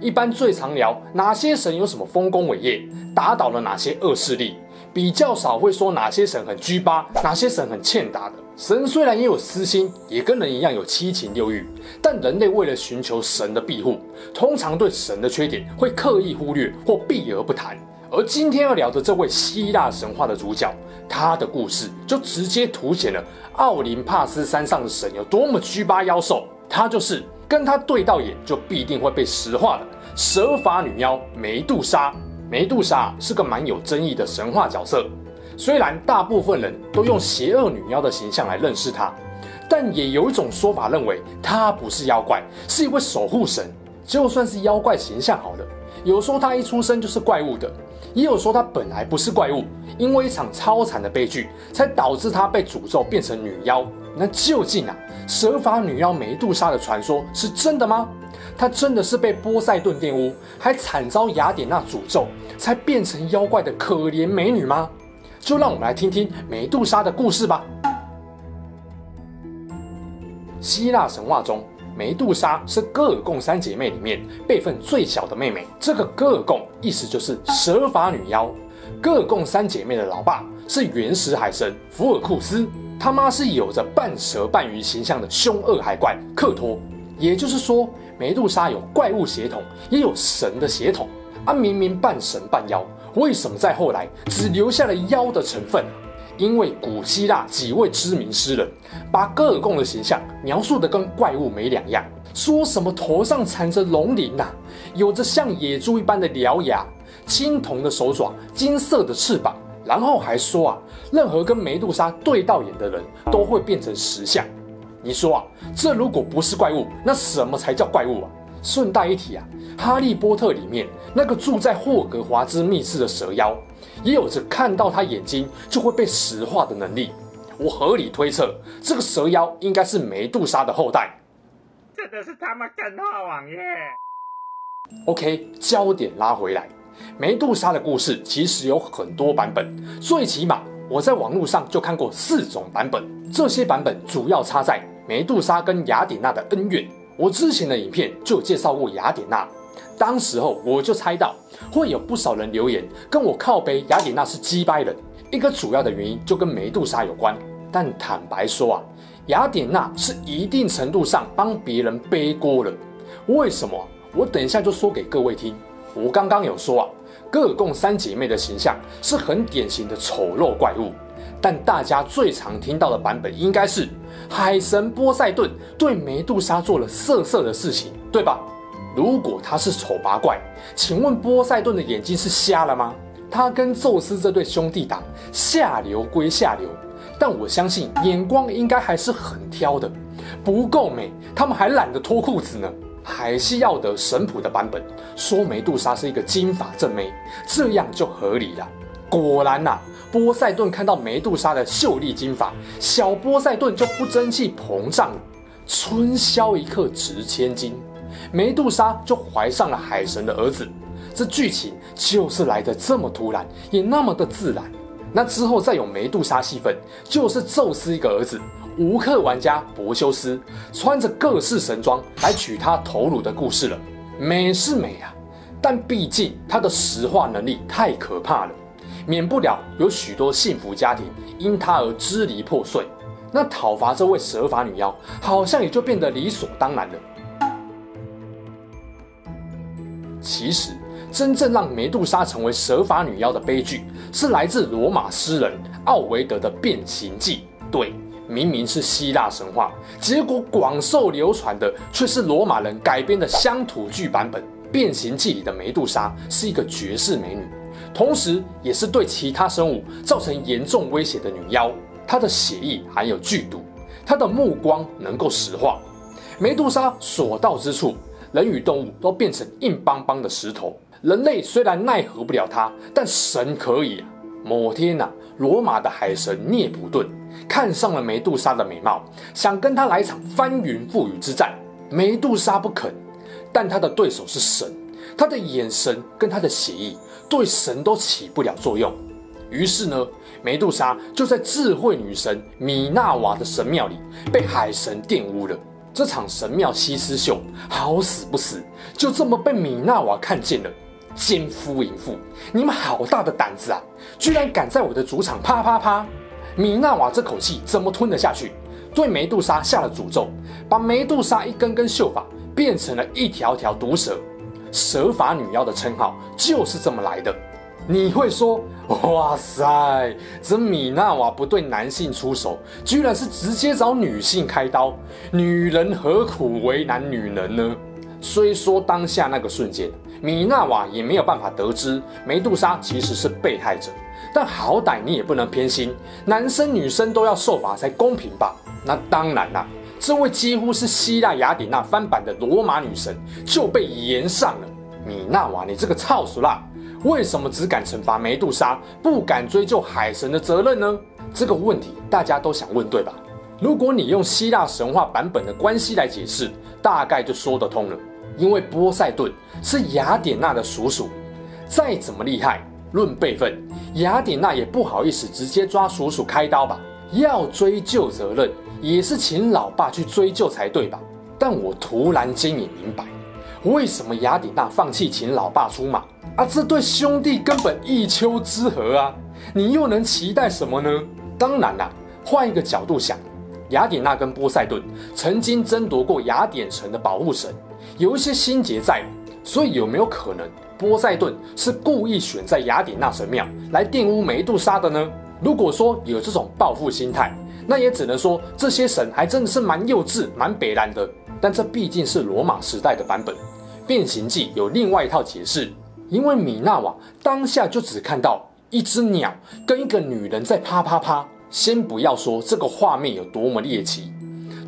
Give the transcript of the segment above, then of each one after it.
一般最常聊哪些神有什麼豐功偉業，打倒了哪些惡勢力，比較少會說哪些神很居巴，哪些神很欠打的。神雖然也有私心，也跟人一樣有七情六欲，但人類為了尋求神的庇護，通常對神的缺點會刻意忽略或避而不談。而今天要聊的這位希臘神話的主角，他的故事就直接凸顯了奧林帕斯山上的神有多麼居巴妖獸。他就是跟他對到眼就必定會被石化的。蛇髮女妖梅杜莎，梅杜莎是個蠻有爭議的神話角色。雖然大部分人都用邪惡女妖的形象來認識她，但也有一種說法認為她不是妖怪，是一位守護神。就算是妖怪形象好了，有說她一出生就是怪物的，也有說她本來不是怪物，因為一場超慘的悲劇才導致她被詛咒變成女妖。那究竟啊，蛇髮女妖梅杜莎的傳說是真的嗎？她真的是被波塞頓玷污，還慘遭雅典娜詛咒，才變成妖怪的可憐美女嗎？就讓我們來聽聽梅杜莎的故事吧。希臘神話中，梅杜莎是戈爾貢三姐妹裡面輩分最小的妹妹。這個戈爾貢意思就是蛇髮女妖。戈爾貢三姐妹的老爸是原始海神福爾庫斯，她媽是有着半蛇半魚形象的兇惡海怪克托。也就是說。梅杜莎有怪物血統，也有神的血統啊！明明半神半妖，為什麼在後來只留下了妖的成分？因為古希臘幾位知名詩人把戈爾貢的形象描述得跟怪物沒兩樣，說什麼頭上纏着龍鱗吶，有着像野豬一般的獠牙，青銅的手爪，金色的翅膀，然後還說啊，任何跟梅杜莎對到眼的人都會變成石像。你說啊，這如果不是怪物，那什麼才叫怪物啊？順帶一提啊，哈利波特裡面那個住在霍格華茲密室的蛇妖，也有着看到他眼睛就會被石化的能力。我合理推測，這個蛇妖應該是梅杜莎的後代。真是他們更好網頁。OK，焦點拉回來，梅杜莎的故事其實有很多版本，最起碼。我在網絡上就看過四種版本，這些版本主要差在梅杜莎跟雅典娜的恩怨。我之前的影片就有介紹過雅典娜，當時候我就猜到會有不少人留言跟我靠北雅典娜是雞掰人，一個主要的原因就跟梅杜莎有關。但坦白說啊，雅典娜是一定程度上幫別人背鍋了。為什麼啊？我等一下就說給各位聽。我剛剛有說啊。戈爾貢三姐妹的形象是很典型的醜陋怪物，但大家最常聽到的版本應該是海神波塞頓對梅杜莎做了色色的事情，對吧？如果他是醜八怪，請問波塞頓的眼睛是瞎了嗎？他跟宙斯這對兄弟檔下流歸下流，但我相信眼光應該還是很挑的，不夠美，他們還懶得脫褲子呢。海西奧德神譜的版本，說梅杜莎是一個金髮正妹，這樣就合理了。果然吶、啊，波塞頓看到梅杜莎的秀麗金髮，小波塞頓就不爭氣膨脹了。春宵一刻值千金，梅杜莎就懷上了海神的兒子。這劇情就是來得這麼突然，也那麼的自然。那之後再有梅杜莎戲份，就是宙斯一個兒子，無氪玩家柏修斯穿着各式神裝來取她頭顱的故事了。美是美啊，但畢竟她的石化能力太可怕了，免不了有許多幸福家庭因她而支離破碎。那討伐這位蛇髮女妖，好像也就變得理所當然了。其實。真正讓梅杜莎成為蛇髮女妖的悲劇，是來自羅馬詩人奧維德的《變形記》。對，明明是希臘神話，結果廣受流傳的卻是羅馬人改編的鄉土劇版本。《變形記》裡的梅杜莎是一個絕世美女，同時也是對其他生物造成嚴重威脅的女妖。她的血液含有劇毒，她的目光能夠石化。梅杜莎所到之處，人與動物都變成硬邦邦的石頭。人類雖然奈何不了他，但神可以啊。某天吶、啊，羅馬的海神涅普頓看上了梅杜莎的美貌，想跟她來一場翻雲覆雨之戰。梅杜莎不肯，但她的對手是神，她的眼神跟她的協議對神都起不了作用。於是呢，梅杜莎就在智慧女神米娜瓦的神廟裡被海神玷污了。這場神廟西施秀好死不死，就這麼被米娜瓦看見了。奸夫淫婦，你們好大的膽子啊！居然敢在我的主場啪啪啪！米娜瓦這口氣怎麼吞得下去？對梅杜莎下了詛咒，把梅杜莎一根根秀髮變成了一條條毒蛇，蛇髮女妖的稱號就是這麼來的。你會說，哇塞，這米娜瓦不對男性出手，居然是直接找女性開刀，女人何苦為難女人呢？雖說當下那個瞬間。米娜瓦也沒有辦法得知梅杜莎其實是被害者，但好歹你也不能偏心，男生女生都要受罰才公平吧？那當然啦，這位幾乎是希臘雅典娜翻版的羅馬女神就被炎上了。米娜瓦，你這個臭俗辣，為什麼只敢懲罰梅杜莎，不敢追究海神的責任呢？這個問題大家都想問對吧？如果你用希臘神話版本的關係來解釋，大概就說得通了。因為波塞頓是雅典娜的叔叔，再怎麼厲害，論輩分，雅典娜也不好意思直接抓叔叔開刀吧？要追究責任，也是請老爸去追究才對吧？但我突然間也明白，為什麼雅典娜放棄請老爸出馬啊？這對兄弟根本一丘之貉啊！你又能期待什麼呢？當然啦，啊，換一個角度想，雅典娜跟波塞頓曾經爭奪過雅典城的保護神。有一些心結在，所以有沒有可能波塞頓是故意選在雅典娜神廟來玷污梅杜莎的呢？如果說有這種報復心態，那也只能說這些神還真的是蠻幼稚，蠻北爛的。但這畢竟是羅馬時代的版本，《變形記》有另外一套解釋，因為米娜瓦當下就只看到一隻鳥跟一個女人在啪啪啪，先不要說這個畫面有多麼獵奇。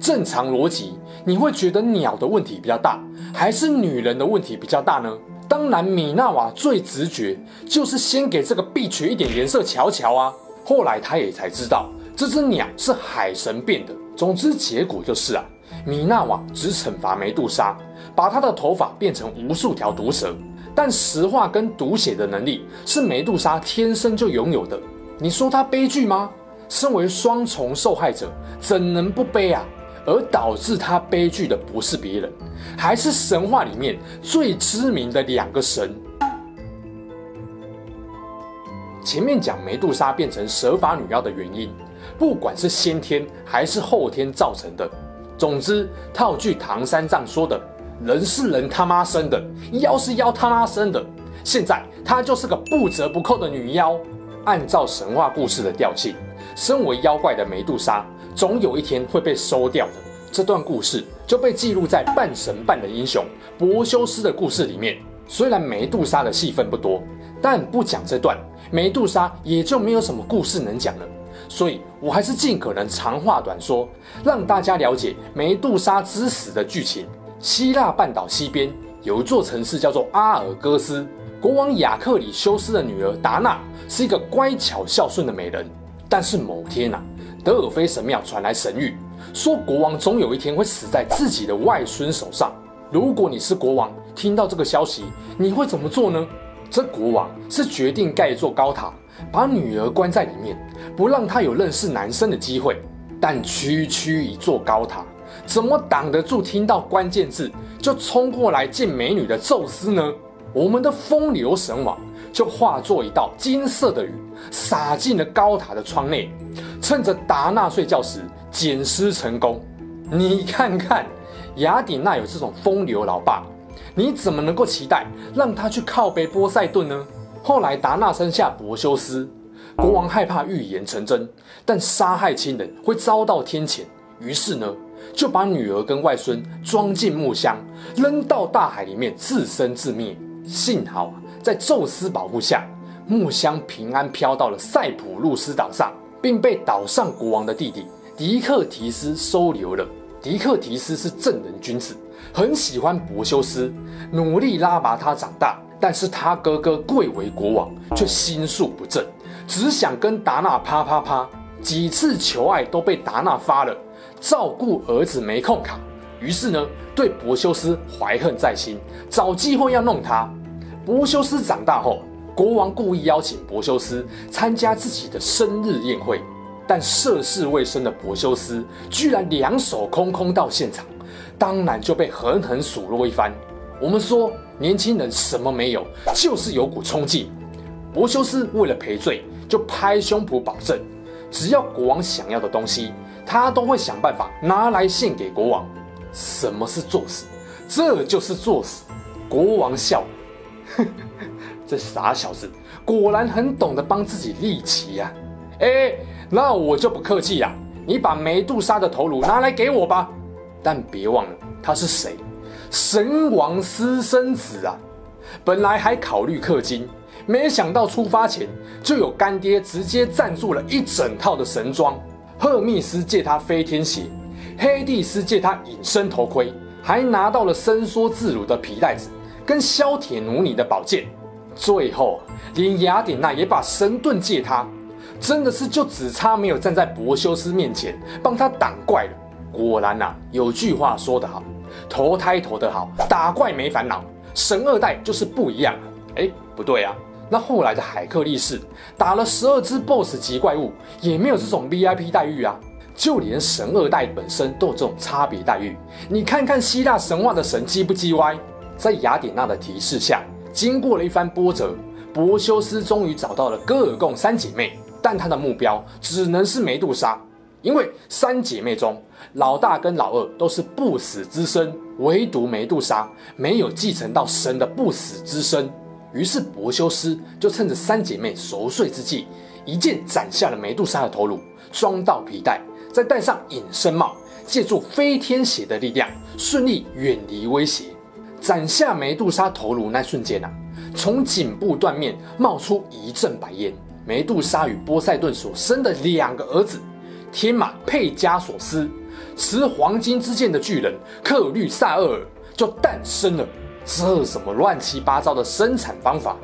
正常邏輯，你會覺得鳥的問題比較大，還是女人的問題比較大呢？當然，米娜瓦最直覺就是先給這個幣取一點顏色瞧瞧啊。後來他也才知道，這隻鳥是海神變的。總之，結果就是啊，米娜瓦只懲罰梅杜莎，把她的頭髮變成無數條毒蛇。但石化跟毒血的能力是梅杜莎天生就擁有的。你說她悲劇嗎？身為雙重受害者，怎能不悲啊？而導致他悲劇的不是別人，還是神話裡面最知名的兩個神。前面講梅杜莎變成蛇髮女妖的原因，不管是先天還是後天造成的，總之套句唐三藏說的：“人是人他媽生的，妖是妖他媽生的。”現在她就是個不折不扣的女妖。按照神話故事的調性，身為妖怪的梅杜莎，總有一天會被收掉的。這段故事就被記錄在半神半的英雄柏修斯的故事裡面。雖然梅杜莎的戲份不多，但不講這段，梅杜莎也就沒有什麼故事能講了。所以我還是盡可能長話短說，讓大家了解梅杜莎之死的劇情。希臘半島西邊有一座城市叫做阿爾戈斯，國王亞克里修斯的女兒達娜是一個乖巧孝順的美人。但是某天吶、啊。德爾菲神廟傳來神諭，說國王總有一天會死在自己的外孫手上。如果你是國王，聽到這個消息，你會怎麼做呢？這國王是決定蓋一座高塔，把女兒關在裡面，不讓她有認識男生的機會。但區區一座高塔，怎麼擋得住聽到關鍵字就衝過來見美女的宙斯呢？我們的風流神王。就化作一道金色的雨，灑進了高塔的窗內。趁着達納睡覺時，撿屍成功。你看看，雅典娜有這種風流老爸，你怎麼能夠期待讓他去靠北波塞頓呢？後來達納生下柏修斯，國王害怕預言成真，但殺害親人會遭到天譴，於是呢，就把女兒跟外孫裝進木箱，扔到大海裡面自生自滅。幸好。在宙斯保護下，木箱平安飄到了塞浦路斯島上，並被島上國王的弟弟狄克提斯收留了。狄克提斯是正人君子，很喜歡柏修斯，努力拉拔他長大。但是他哥哥貴為國王，卻心術不正，只想跟達娜啪啪啪。幾次求愛都被達娜發了，照顧兒子沒空卡，於是呢，對柏修斯懷恨在心，找機會要弄他。柏修斯長大後，國王故意邀請柏修斯參加自己的生日宴會，但涉世未深的柏修斯居然兩手空空到現場，當然就被狠狠數落一番。我們說，年輕人什麼沒有，就是有股衝勁。柏修斯為了賠罪，就拍胸脯保證，只要國王想要的東西，他都會想辦法拿來獻給國王。什麼是作死？這就是作死。國王笑。 這傻小子果然很懂得幫自己立旗呀，啊！哎，那我就不客氣了，你把梅杜莎的頭顱拿來給我吧。但別忘了他是誰，神王私生子啊！本來還考慮氪金，沒想到出發前就有乾爹直接贊助了一整套的神裝。赫密斯借他飛天鞋，黑帝斯借他隱身頭盔，還拿到了伸縮自如的皮袋子。跟削鐵如泥的寶劍，最後連雅典娜也把神盾借他，真的是就只差沒有站在柏修斯面前幫他擋怪了。果然吶、啊，有句話說得好，投胎投得好，打怪沒煩惱。神二代就是不一樣。哎，不對啊，那後來的海克力士打了十二只 boss 級怪物，也沒有這種 VIP 待遇啊。就連神二代本身都有這種差別待遇，你看看希臘神話的神，機不機歪？在雅典娜的提示下，經過了一番波折，柏修斯終於找到了戈爾貢三姐妹，但他的目標只能是梅杜莎，因為三姐妹中老大跟老二都是不死之身，唯獨梅杜莎沒有繼承到神的不死之身。於是柏修斯就趁着三姐妹熟睡之際，一劍斬下了梅杜莎的頭顱，裝到皮帶，再戴上隱身帽，借助飛天鞋的力量，順利遠離威脅。斬下梅杜莎頭顱那瞬間啊，從頸部斷面冒出一陣白煙。梅杜莎與波塞頓所生的兩個兒子，天馬佩加索斯、持黃金之劍的巨人克律薩厄爾就誕生了。這什麼亂七八糟的生產方法？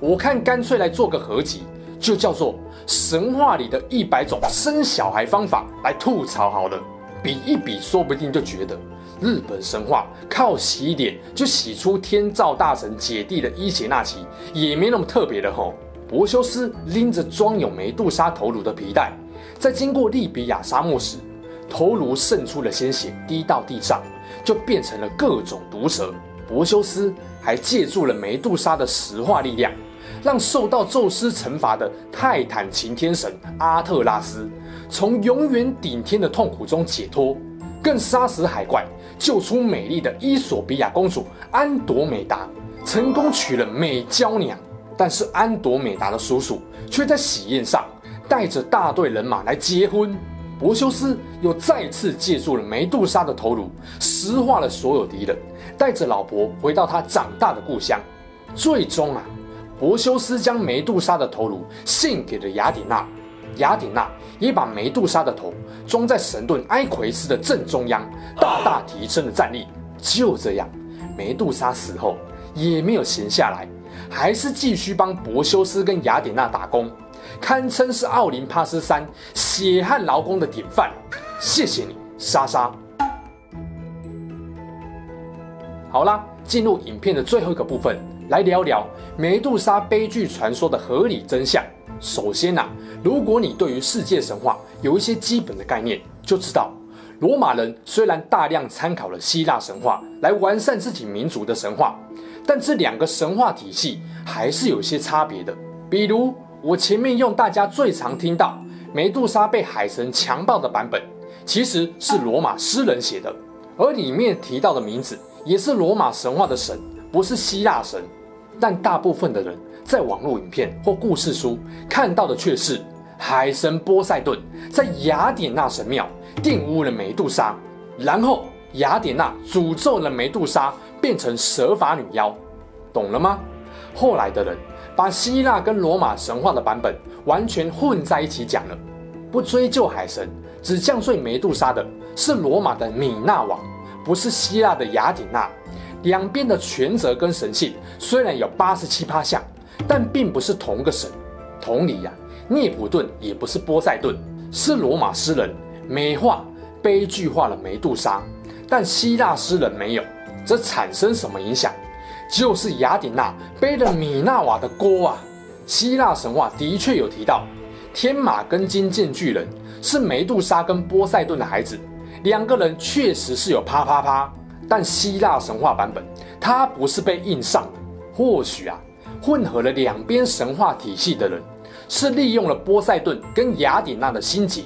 我看乾脆來做個合集，就叫做《神話裡的一百種生小孩方法》來吐槽好了。比一比，說不定就覺得。日本神話靠洗臉就洗出天照大神姐弟的伊邪那岐也沒那麼特別的吼、哦。柏修斯拎着裝有梅杜莎頭顱的皮帶，在經過利比亞沙漠時，頭顱滲出了鮮血，滴到地上就變成了各種毒蛇。柏修斯還借助了梅杜莎的石化力量，讓受到宙斯懲罰的泰坦擎天神阿特拉斯從永遠頂天的痛苦中解脫，更殺死海怪，救出美麗的伊索比亞公主安朵美達，成功娶了美嬌娘。但是安朵美達的叔叔卻在喜宴上帶着大隊人馬來結婚。柏修斯又再次借助了梅杜莎的頭顱，石化了所有敵人，帶着老婆回到他長大的故鄉。最終啊，柏修斯將梅杜莎的頭顱獻給了雅典娜。雅典娜也把梅杜莎的頭裝在神盾埃奎斯的正中央，大大提升了戰力。就這樣，梅杜莎死後也沒有閒下來，還是繼續幫柏修斯跟雅典娜打工，堪稱是奧林帕斯山血汗勞工的典範。謝謝你，莎莎。好啦，進入影片的最後一個部分，來聊聊梅杜莎悲劇傳說的合理真相。首先吶、啊，如果你對於世界神話有一些基本的概念，就知道羅馬人雖然大量參考了希臘神話來完善自己民族的神話，但這兩個神話體系還是有些差別的。比如我前面用大家最常聽到梅杜莎被海神強暴的版本，其實是羅馬詩人寫的，而裡面提到的名字也是羅馬神話的神，不是希臘神。但大部分的人。在網絡影片或故事書看到的卻是，海神波塞頓在雅典娜神廟玷污了梅杜莎，然後雅典娜詛咒了梅杜莎變成蛇髮女妖，懂了嗎？後來的人把希臘跟羅馬神話的版本完全混在一起講了，不追究海神，只降罪梅杜莎的是羅馬的米娜王，不是希臘的雅典娜，兩邊的權責跟神器雖然有八十七趴像。但並不是同個神，同理呀、啊，涅普頓也不是波塞頓，是羅馬詩人美化悲劇化了梅杜莎，但希臘詩人沒有，這產生什麼影響？就是雅典娜背了米娜瓦的鍋啊！希臘神話的確有提到，天馬跟金劍巨人是梅杜莎跟波塞頓的孩子，兩個人確實是有啪啪啪，但希臘神話版本，他不是被硬上的，或許啊。混合了兩邊神話體系的人，是利用了波塞頓跟雅典娜的心結，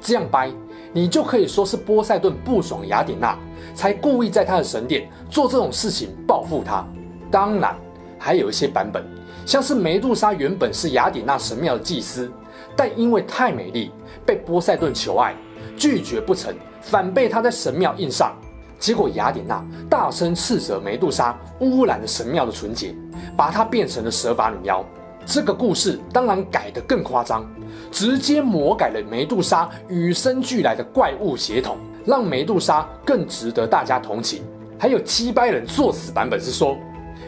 這樣掰，你就可以說是波塞頓不爽雅典娜，才故意在他的神殿做這種事情報復他。當然，還有一些版本，像是梅杜莎原本是雅典娜神廟的祭司，但因為太美麗，被波塞頓求愛，拒絕不成，反被他在神廟硬上。結果，雅典娜大聲斥責梅杜莎污染了神廟的純潔，把她變成了蛇髮女妖。這個故事當然改得更誇張，直接魔改了梅杜莎與生俱來的怪物血統，讓梅杜莎更值得大家同情。還有雞掰人作死版本是說，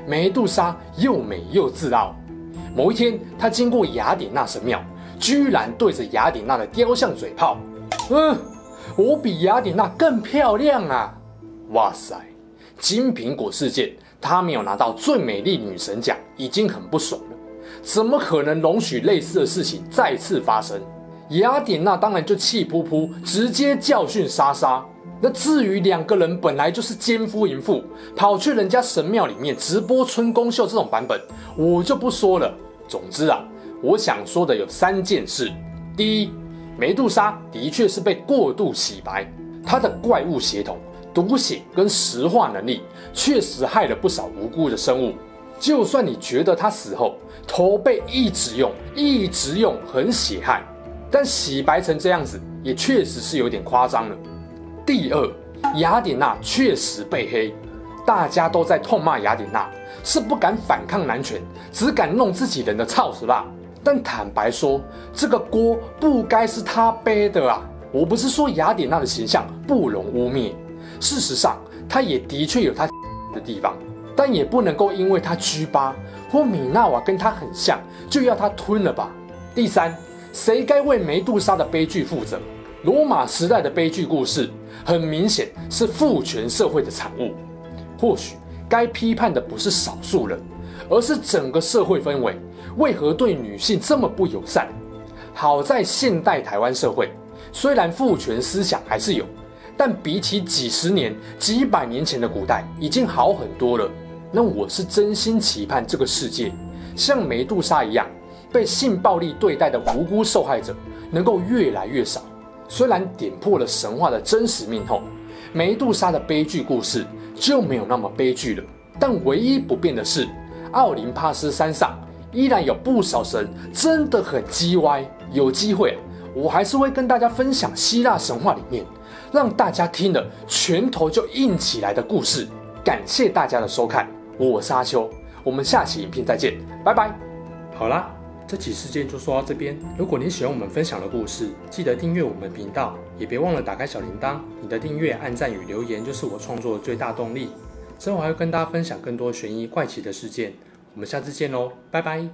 梅杜莎又美又自傲，某一天她經過雅典娜神廟，居然對着雅典娜的雕像嘴炮：“嗯，我比雅典娜更漂亮啊！”哇塞，金蘋果事件，她沒有拿到最美麗女神獎已經很不爽了，怎麼可能容許類似的事情再次發生？雅典娜當然就氣噗噗，直接教訓莎莎。那至於兩個人本來就是奸夫淫婦，跑去人家神廟裡面直播春宮秀這種版本，我就不說了。總之啊，我想說的有三件事：第一，梅杜莎的確是被過度洗白，她的怪物血統。毒血跟石化能力確實害了不少無辜的生物。就算你覺得他死後頭被一直用一直用很血汗，但洗白成這樣子也確實是有點誇張了。第二，雅典娜確實被黑，大家都在痛罵雅典娜是不敢反抗男權，只敢弄自己人的臭俗辣。但坦白說，這個鍋不該是他背的啊！我不是說雅典娜的形象不容汙衊。事實上，他也的確有他、X、的地方，但也不能夠因為他屈巴或米娜瓦跟他很像，就要他吞了吧。第三，誰該為梅杜莎的悲劇負責？羅馬時代的悲劇故事，很明顯是父權社會的產物。或許該批判的不是少數人，而是整個社會氛圍，為何對女性這麼不友善？好在現代台灣社會，雖然父權思想還是有。但比起幾十年、幾百年前的古代，已經好很多了。那我是真心期盼這個世界，像梅杜莎一樣被性暴力對待的無辜受害者，能夠越來越少。雖然點破了神話的真實命後，梅杜莎的悲劇故事就沒有那麼悲劇了，但唯一不變的是，奧林帕斯山上依然有不少神真的很嘰歪。有機會，我還是會跟大家分享希臘神話裡面讓大家聽了拳頭就硬起來的故事。感謝大家的收看，我是阿秋。我們下期影片再見，拜拜。好啦，這起事件就說到這邊。如果你喜歡我們分享的故事，記得訂閱我們頻道，也別忘了打開小鈴鐺。你的訂閱、按讚與留言就是我創作的最大動力。之後還會跟大家分享更多懸疑怪奇的事件，我們下次見嘍，拜拜。